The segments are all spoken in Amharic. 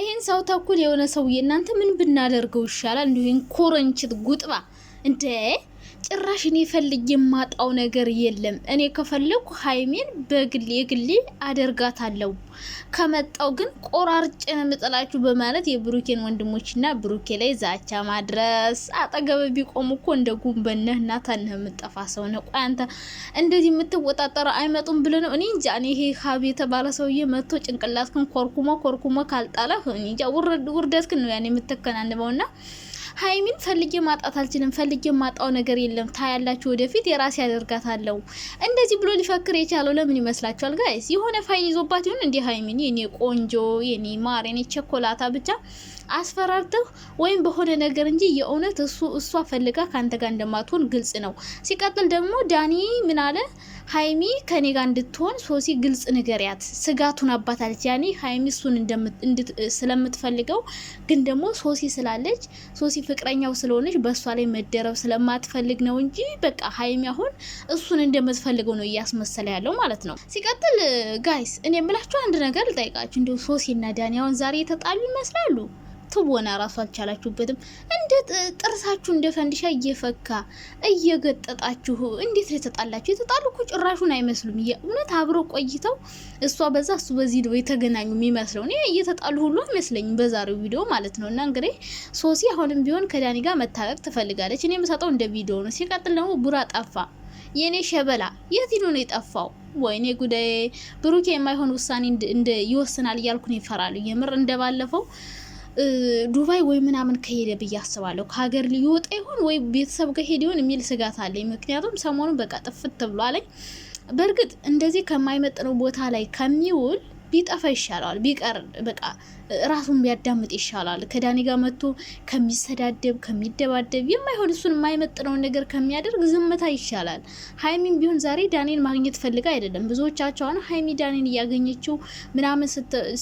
ይሄን ሰው ተኩል የሆነ ሰውዬ እናንተ ምን ብናደርገው ይሻላል? እንዲሁ ኮረንችት ጉጥባ እንዴ ጭራሽ እኔ ፈልግ የማጣው ነገር የለም። እኔ ከፈለግኩ ሀይሜን በግሌ የግሌ አደርጋታለሁ፣ ከመጣው ግን ቆራርጬ ነው የምጥላችሁ በማለት የብሩኬን ወንድሞችና ብሩኬ ላይ ዛቻ ማድረስ። አጠገብ ቢቆሙ እኮ እንደ ጉንበነህ እናታነህ የምጠፋ ሰው ነው። ቆይ አንተ እንደዚህ የምትወጣጠረ አይመጡም ብለ ነው? እኔ እንጃ። እኔ ይሄ ሀብ የተባለ ሰውዬ መጥቶ ጭንቅላትክን ኮርኩሞ ኮርኩሞ ካልጣለህ እንጃ ውርደትክን ነው ያን የምትከናንበውና ሀይሚን ፈልጌ ማጣት አልችልም፣ ፈልጌ ማጣው ነገር የለም። ታያላችሁ፣ ወደፊት የራሴ ያደርጋታለሁ። እንደዚህ ብሎ ሊፈክር የቻለው ለምን ይመስላችኋል ጋይስ? የሆነ ፋይል ይዞባት ይሆን እንዲህ? ሀይሚን የኔ ቆንጆ፣ የኔ ማር፣ የኔ ቸኮላታ ብቻ አስፈራርተህ ወይም በሆነ ነገር እንጂ የእውነት እሱ እሷ ፈልጋ ከአንተ ጋር እንደማትሆን ግልጽ ነው። ሲቀጥል ደግሞ ዳኒ ምን አለ ሀይሚ ከኔ ጋር እንድትሆን ሶሲ ግልጽ ንገሪያት። ስጋቱን አባታለች። ያኔ ሀይሚ እሱን ስለምትፈልገው ግን ደግሞ ሶሲ ስላለች ሶሲ ፍቅረኛው ስለሆነች በእሷ ላይ መደረብ ስለማትፈልግ ነው እንጂ በቃ ሀይሚ አሁን እሱን እንደምትፈልገው ነው እያስመሰለ ያለው ማለት ነው። ሲቀጥል ጋይስ እኔ የምላችሁ አንድ ነገር ልጠይቃችሁ። እንዲሁ ሶሲና ዳኒ አሁን ዛሬ የተጣሉ ይመስላሉ። ትወና ራሱ አልቻላችሁበትም። እንደ ጥርሳችሁ እንደ ፈንድሻ እየፈካ እየገጠጣችሁ እንዴት ነው የተጣላችሁ? የተጣሉ እኮ ጭራሹን አይመስሉም። የእውነት አብሮ ቆይተው እሷ በዛ እሱ በዚህ ነው የተገናኙ የሚመስለው። እኔ እየተጣሉ ሁሉ አይመስለኝም በዛሬው ቪዲዮ ማለት ነው። እና እንግዲህ ሶሲ አሁንም ቢሆን ከዳኒ ጋር መታረቅ ትፈልጋለች። እኔ የምሰጠው እንደ ቪዲዮ ነው። ሲቀጥል ደግሞ ቡራ ጠፋ። የእኔ ሸበላ የት ነው የጠፋው? ወይኔ ጉዳይ ብሩኬ የማይሆን ውሳኔ ይወስናል እያልኩ ነው ይፈራሉ። የምር እንደባለፈው ዱባይ ወይ ምናምን ከሄደ ብዬ አስባለሁ። ከሀገር ሊወጣ ይሆን ወይ ቤተሰብ ከሄደ ይሆን የሚል ስጋት አለኝ። ምክንያቱም ሰሞኑን በቃ ጥፍት ብሏለኝ። በእርግጥ እንደዚህ ከማይመጥነው ቦታ ላይ ከሚውል ቢጠፋ ይሻላል። ቢቀር በቃ ራሱን ቢያዳምጥ ይሻላል። ከዳኒ ጋር መጥቶ ከሚሰዳደብ ከሚደባደብ የማይሆን እሱን የማይመጥነውን ነገር ከሚያደርግ ዝምታ ይሻላል። ሀይሚም ቢሆን ዛሬ ዳኒን ማግኘት ፈልጋ አይደለም። ብዙዎቻቸው አሁን ሀይሚ ዳኒን እያገኘችው ምናምን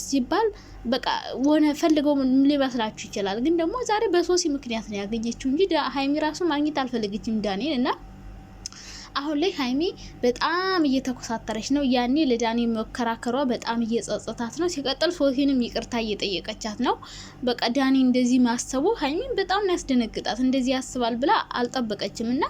ሲባል በቃ ሆነ ፈልገው ሊመስላችሁ ይችላል። ግን ደግሞ ዛሬ በሶሲ ምክንያት ነው ያገኘችው እንጂ ሀይሚ ራሱ ማግኘት አልፈለገችም ዳኒን እና አሁን ላይ ሀይሚ በጣም እየተኮሳተረች ነው። ያኔ ለዳኒ መከራከሯ በጣም እየጸጸታት ነው። ሲቀጥል ሶፊንም ይቅርታ እየጠየቀቻት ነው። በቃ ዳኒ እንደዚህ ማሰቡ ሀይሚን በጣም ነው ያስደነግጣት። እንደዚህ ያስባል ብላ አልጠበቀችም። እና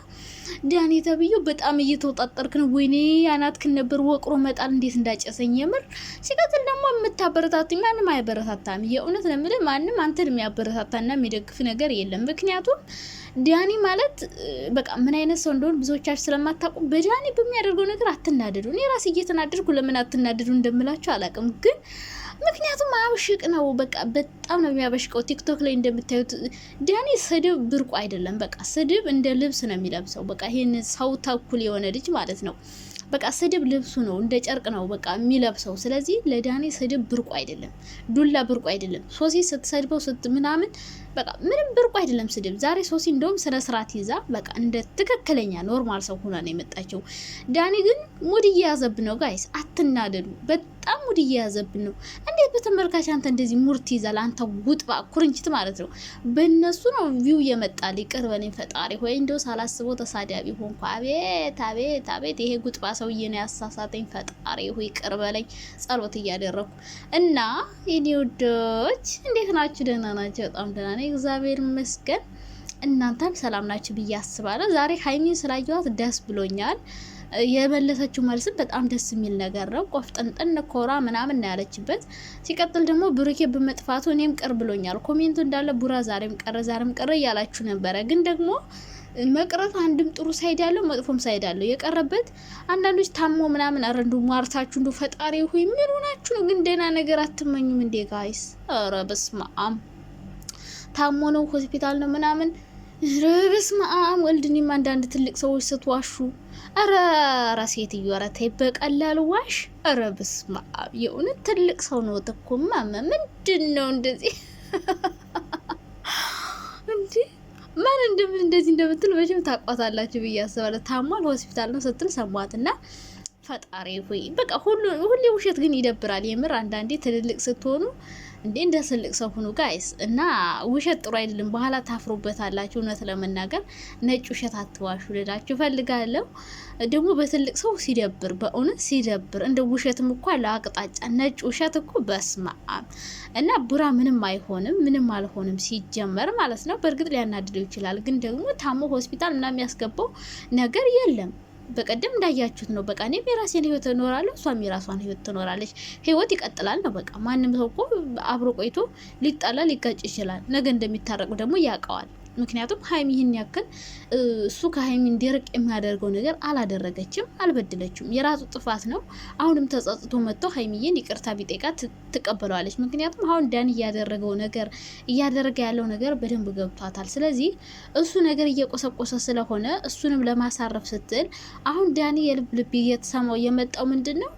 ዳኒ ተብዬው በጣም እየተወጣጠርክ ነው። ወይኔ አናትክን ነበር ወቅሮ መጣል እንዴት እንዳጨሰኝ የምር። ሲቀጥል ደግሞ የምታበረታት ማንም አያበረታታም። የእውነት ለምልህ ማንም አንተን የሚያበረታታና የሚደግፍ ነገር የለም ምክንያቱም ዲያኒ ማለት በቃ ምን አይነት ሰው እንደሆን ብዙዎቻችሁ ስለማታውቁ በዲያኒ በሚያደርገው ነገር አትናደዱ። እኔ ራሴ እየተናደድኩ ለምን አትናደዱ እንደምላቸው አላውቅም፣ ግን ምክንያቱም አብሽቅ ነው። በቃ በጣም ነው የሚያበሽቀው። ቲክቶክ ላይ እንደምታዩት ዳኒ ስድብ ብርቁ አይደለም። በቃ ስድብ እንደ ልብስ ነው የሚለብሰው። በቃ ይህን ሰው ተኩል የሆነ ልጅ ማለት ነው። በቃ ስድብ ልብሱ ነው፣ እንደ ጨርቅ ነው በቃ የሚለብሰው። ስለዚህ ለዳኒ ስድብ ብርቁ አይደለም፣ ዱላ ብርቁ አይደለም። ሶሲ ስትሰድበው ስት ምናምን በቃ ምንም ብርቁ አይደለም ስድብ። ዛሬ ሶሲ እንደውም ስነ ስርዓት ይዛ በቃ እንደ ትክክለኛ ኖርማል ሰው ሆና ነው የመጣቸው። ዳኒ ግን ሙድ እየያዘብ ነው። ጋይስ አትናደዱ። በጣም ሙድ እየያዘብን ነው። እንዴት በተመልካች አንተ እንደዚህ ሙርት ትይዛል? አንተ ጉጥባ ኩርንችት ማለት ነው። በእነሱ ነው ቪው የመጣ ሊቅር በኔ ፈጣሪ ሆይ እንደው ሳላስበው ተሳዳቢ ሆንኩ። አቤት አቤት አቤት ይሄ ጉጥባ ሰውዬ ነው ያሳሳተኝ። ፈጣሪ ሆይ ቅር በለኝ። ጸሎት እያደረኩ እና የኔ ውዶች እንዴት ናችሁ? ደህና ናቸው። በጣም ደህና ነኝ፣ እግዚአብሔር ይመስገን። እናንተም ሰላም ናችሁ ብዬ አስባለሁ። ዛሬ ሀይሚን ስላየኋት ደስ ብሎኛል። የመለሰችው መልስም በጣም ደስ የሚል ነገር ነው። ቆፍጠንጠን ኮራ ምናምን ና ያለችበት። ሲቀጥል ደግሞ ብሩኬ በመጥፋቱ እኔም ቅር ብሎኛል። ኮሜንቱ እንዳለ ቡራ ዛሬም ቀረ፣ ዛሬም ቀረ እያላችሁ ነበረ። ግን ደግሞ መቅረት አንድም ጥሩ ሳይድ ያለው መጥፎም ሳይድ ያለው የቀረበት አንዳንዶች ታሞ ምናምን አረ እንዱ ሟርታችሁ እንዱ ፈጣሪ ሆይ ምን ሆናችሁ ነው? ግን ደህና ነገር አትመኙም እንዴ ጋይስ? አረ በስመ አብ ታሞ ነው ሆስፒታል ነው ምናምን በስመ አብ ወልድኒም አንዳንድ ትልቅ ሰዎች ስትዋሹ፣ ኧረ ኧረ ሴትዮ ኧረ ተይ በቀላል ዋሽ። ኧረ በስመ አብ የእውነት ትልቅ ሰው ነው እኮማ። ምንድን ነው እንደዚህ እንዴ? ማን እንደምን እንደዚህ እንደምትል መቼም ታቋታላችሁ ብዬ አስባለሁ። ታሟል ሆስፒታል ነው ስትል ሰሟት እና ፈጣሪ ሆይ በቃ ሁሉ ሁሌ ውሸት ግን ይደብራል። የምር አንዳንዴ ትልልቅ ስትሆኑ እንዴ እንደ ትልቅ ሰው ሁኑ ጋይስ። እና ውሸት ጥሩ አይደለም፣ በኋላ ታፍሩበታላችሁ። እውነት ለመናገር ነጭ ውሸት አትዋሹ ልላችሁ ፈልጋለሁ ደግሞ በትልቅ ሰው ሲደብር፣ በእውነት ሲደብር። እንደ ውሸትም እኮ አለው አቅጣጫ፣ ነጭ ውሸት እኮ በስማ እና ቡራ ምንም አይሆንም፣ ምንም አልሆንም ሲጀመር ማለት ነው። በእርግጥ ሊያናድደው ይችላል፣ ግን ደግሞ ታሞ ሆስፒታል ምናምን የሚያስገባው ነገር የለም። በቀደም እንዳያችሁት ነው። በቃ እኔም የራሴን ህይወት እኖራለሁ፣ እሷም የራሷን ህይወት ትኖራለች። ህይወት ይቀጥላል ነው በቃ። ማንም ሰው እኮ አብሮ ቆይቶ ሊጣላ ሊጋጭ ይችላል። ነገ እንደሚታረቁ ደግሞ ያውቀዋል። ምክንያቱም ሀይሚ ይህን ያክል እሱ ከሀይሚ እንዲርቅ የሚያደርገው ነገር አላደረገችም፣ አልበድለችም። የራሱ ጥፋት ነው። አሁንም ተጸጽቶ መጥቶ ሀይሚዬን ይቅርታ ቢጠይቃት ትቀበለዋለች። ምክንያቱም አሁን ዳን እያደረገው ነገር እያደረገ ያለው ነገር በደንብ ገብቷታል። ስለዚህ እሱ ነገር እየቆሰቆሰ ስለሆነ እሱንም ለማሳረፍ ስትል አሁን ዳኒ የልብ ልብ እየተሰማው የመጣው ምንድን ነው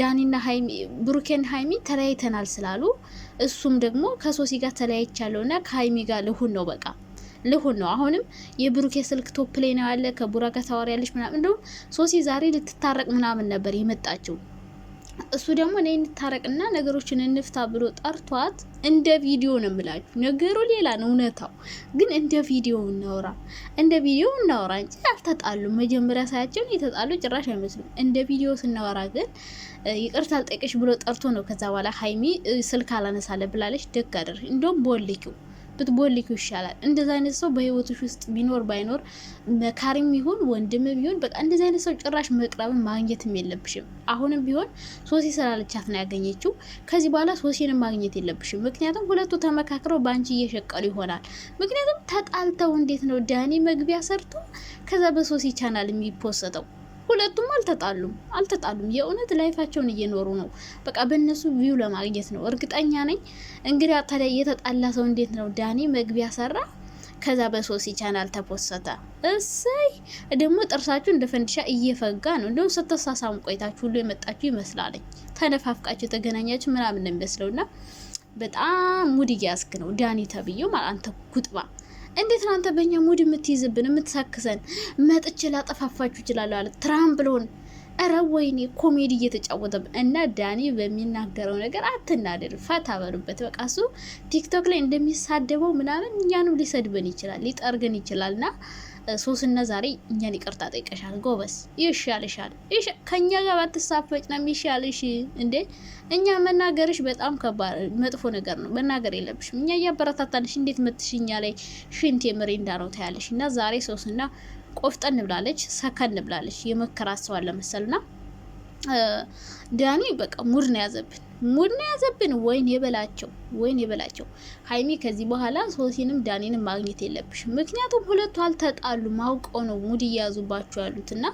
ዳኒና ሀይሚ ብሩኬን ሀይሚ ተለያይተናል ስላሉ እሱም ደግሞ ከሶሲ ጋር ተለያይቻለሁና ከሀይሚ ጋር ልሁን ነው በቃ ልሁን ነው። አሁንም የብሩኬ ስልክ ቶፕ ላይ ነው ያለ። ከቡራ ጋር ታወሪያለች ምናምን። እንደውም ሶሲ ዛሬ ልትታረቅ ምናምን ነበር የመጣችው። እሱ ደግሞ እኔ እንታረቅና ነገሮችን እንፍታ ብሎ ጠርቷት እንደ ቪዲዮ ነው የምላችሁ። ነገሩ ሌላ ነው እውነታው፣ ግን እንደ ቪዲዮ እናወራ እንደ ቪዲዮ እናወራ እንጂ አልተጣሉም። መጀመሪያ ሳያቸውን የተጣሉ ጭራሽ አይመስሉም። እንደ ቪዲዮ ስናወራ ግን ይቅርታ አልጠየቅሽ ብሎ ጠርቶ ነው። ከዛ በኋላ ሀይሚ ስልክ አላነሳለ ብላለች። ደግ አደረች። እንደውም በወልኪው ብትቦልኪው ይሻላል። እንደዚ አይነት ሰው በህይወትሽ ውስጥ ቢኖር ባይኖር መካሪም ይሁን ወንድም ይሁን በቃ እንደዚ አይነት ሰው ጭራሽ መቅረብን ማግኘትም የለብሽም። አሁንም ቢሆን ሶሲ ስላለቻት ነው ያገኘችው። ከዚህ በኋላ ሶሲን ማግኘት የለብሽም። ምክንያቱም ሁለቱ ተመካክረው በአንቺ እየሸቀሉ ይሆናል። ምክንያቱም ተጣልተው እንዴት ነው ዳኒ መግቢያ ሰርቶ ከዛ በሶሲ ቻናል የሚፖሰተው? ሁለቱም አልተጣሉም አልተጣሉም። የእውነት ላይፋቸውን እየኖሩ ነው። በቃ በእነሱ ቪው ለማግኘት ነው እርግጠኛ ነኝ። እንግዲህ ታዲያ እየተጣላ ሰው እንዴት ነው ዳኒ መግቢያ ሰራ ከዛ በሶሲ ቻናል ተፖሰተ። እሰይ ደግሞ ጥርሳችሁ እንደ ፈንዲሻ እየፈጋ ነው። እንደውም ስትሳሳሙ ቆይታችሁ ሁሉ የመጣችሁ ይመስላለኝ። ተነፋፍቃችሁ የተገናኛችሁ ምናምን ነው ና በጣም ሙድ እያስክ ነው ዳኒ ተብዬው ማለት አንተ ጉጥባ እንዴት ነው አንተ በእኛ ሙድ የምትይዝብን የምትሳክሰን? መጥቼ ላጠፋፋችሁ ይችላል አለ ትራምፕሎን። እረ ወይኔ ኮሜዲ እየተጫወተም እና ዳኒ በሚናገረው ነገር አትናደድ፣ ፈታ በሉበት። በቃ እሱ ቲክቶክ ላይ እንደሚሳደበው ምናምን እኛንም ሊሰድበን ይችላል ይችላል ና ሶስነ ዛሬ እኛን ይቅርታ ጠይቀሻል። ጎበስ ይሻልሻል። ከእኛ ጋር ባትሳፈጭ ነው የሚሻልሽ። እንዴ እኛ መናገርሽ በጣም ከባድ መጥፎ ነገር ነው። መናገር የለብሽም። እኛ እያበረታታንሽ እንዴት መትሽኛ ላይ ሽንት የምሬንዳ ነው ታያለሽ። እና ዛሬ ሶስና ቆፍጠን ብላለች፣ ሰከን ብላለች። የመከራት ሰው አለ መሰልና ዳኒ በቃ ሙድ ነው ያዘብን ሙድ ያዘብን። ወይን የበላቸው ወይን የበላቸው። ሀይሚ ከዚህ በኋላ ሶሲንም ዳኒንም ማግኘት የለብሽ። ምክንያቱም ሁለቱ አልተጣሉ ማውቀው ነው ሙድ እየያዙባቸው ያሉት እና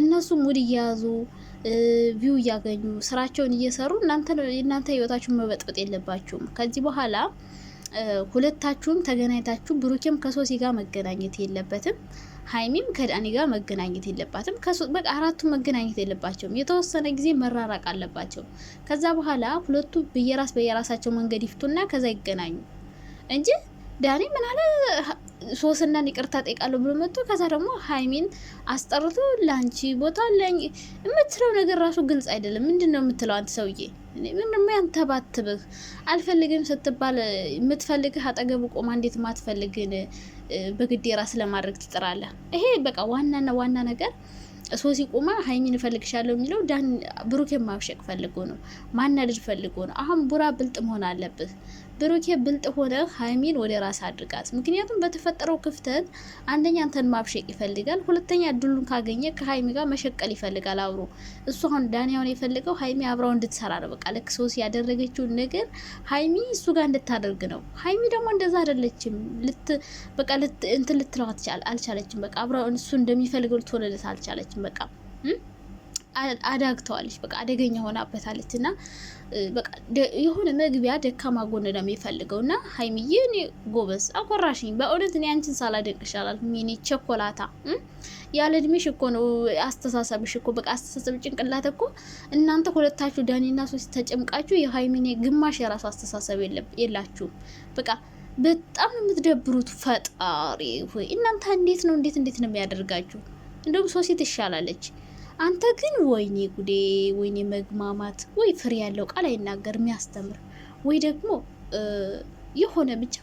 እነሱ ሙድ እየያዙ ቪው እያገኙ ስራቸውን እየሰሩ እናንተ ህይወታችሁን መበጥበጥ የለባችሁም ከዚህ በኋላ ሁለታችሁም ተገናኝታችሁ ብሩኬም ከሶሲ ጋር መገናኘት የለበትም። ሀይሚም ከዳኒ ጋር መገናኘት የለባትም። በቃ አራቱ መገናኘት የለባቸውም። የተወሰነ ጊዜ መራራቅ አለባቸው። ከዛ በኋላ ሁለቱ በየራስ በየራሳቸው መንገድ ይፍቱና ከዛ ይገናኙ እንጂ ዳኒ ምን አለ ሶስናን ይቅርታ ጠይቃለሁ ብሎ መጥቶ ከዛ ደግሞ ሀይሚን አስጠርቶ ለአንቺ ቦታ አለኝ የምትለው ነገር ራሱ ግልጽ አይደለም። ምንድን ነው የምትለው አንተ ሰውዬ? ምንም ያንተባትብህ አልፈልግም ስትባል የምትፈልግህ አጠገቡ ቆማ እንዴት ማትፈልግን በግዴ ራስ ለማድረግ ትጥራለህ? ይሄ በቃ ዋናና ዋና ነገር ሶሲ ቁማ ሀይሚን እፈልግሻለሁ የሚለው ዳን ብሩኬን ማብሸቅ ፈልጎ ነው፣ ማናደድ ፈልጎ ነው። አሁን ቡራ ብልጥ መሆን አለብህ። ብሩኬ ብልጥ ሆነ ሀይሚን ወደ ራስ አድርጋት። ምክንያቱም በተፈጠረው ክፍተት አንደኛ አንተን ማብሸቅ ይፈልጋል፣ ሁለተኛ እድሉን ካገኘ ከሀይሚ ጋር መሸቀል ይፈልጋል አብሮ። እሱ አሁን ዳንያውን የፈልገው ሀይሚ አብራው እንድትሰራ ነው። በቃ ልክ ያደረገችውን ነገር ሀይሚ እሱ ጋር እንድታደርግ ነው። ሀይሚ ደግሞ እንደዛ አይደለችም። ልት በቃ ልት እንትን ልትለው አልቻለችም። በቃ አብራው እሱ እንደሚፈልገው ልትሆንለት አልቻለችም። በቃ አዳግተዋለች። በቃ አደገኛ ሆናበታለች እና የሆነ መግቢያ ደካማ ጎን ነው የሚፈልገው። እና ሀይሚዬ እኔ ጎበዝ አኮራሽኝ በእውነት እኔ አንቺን ሳላደንቅ ይሻላል። ሚኒ ቸኮላታ ያለ እድሜሽ እኮ ነው አስተሳሰብሽ እኮ በቃ አስተሳሰብ ጭንቅላት እኮ እናንተ ሁለታችሁ ዳኒና ሶስት ተጨምቃችሁ የሀይሚኔ ግማሽ የራሱ አስተሳሰብ የላችሁም። በቃ በጣም የምትደብሩት ፈጣሪ ሆይ እናንተ እንዴት ነው እንዴት እንዴት ነው የሚያደርጋችሁ? እንደውም ሶሴት ትሻላለች። አንተ ግን ወይኔ ጉዴ፣ ወይኔ መግማማት፣ ወይ ፍሬ ያለው ቃል አይናገር የሚያስተምር ወይ ደግሞ የሆነ ብቻ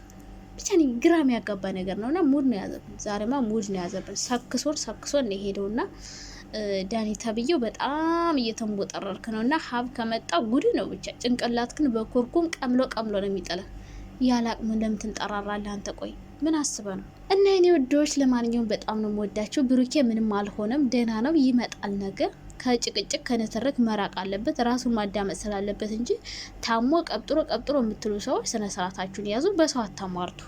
ብቻ ግራ የሚያጋባ ነገር ነው እና ሙድ ነው ያዘብን። ዛሬማ ሙድ ነው ያዘብን። ሰክሶን ሰክሶን ነው የሄደው እና ዳኒ ተብዬው በጣም እየተንቦጠረርክ ነው እና ሀብ ከመጣ ጉድ ነው ብቻ። ጭንቅላት ግን በኮርኩም ቀምሎ ቀምሎ ነው የሚጠለን። ያላቅም እንደምትንጠራራለህ አንተ። ቆይ ምን አስበ ነው እና የኔ ውዶች ለማንኛውም በጣም ነው የምወዳቸው። ብሩኬ ምንም አልሆነም፣ ደህና ነው፣ ይመጣል ነገ ከጭቅጭቅ ከንትርክ መራቅ አለበት። ራሱን ማዳመጥ ስላለበት እንጂ ታሞ ቀብጥሮ ቀብጥሮ የምትሉ ሰዎች ስነስርዓታችሁን ያዙ፣ በሰው አታሟርቱ።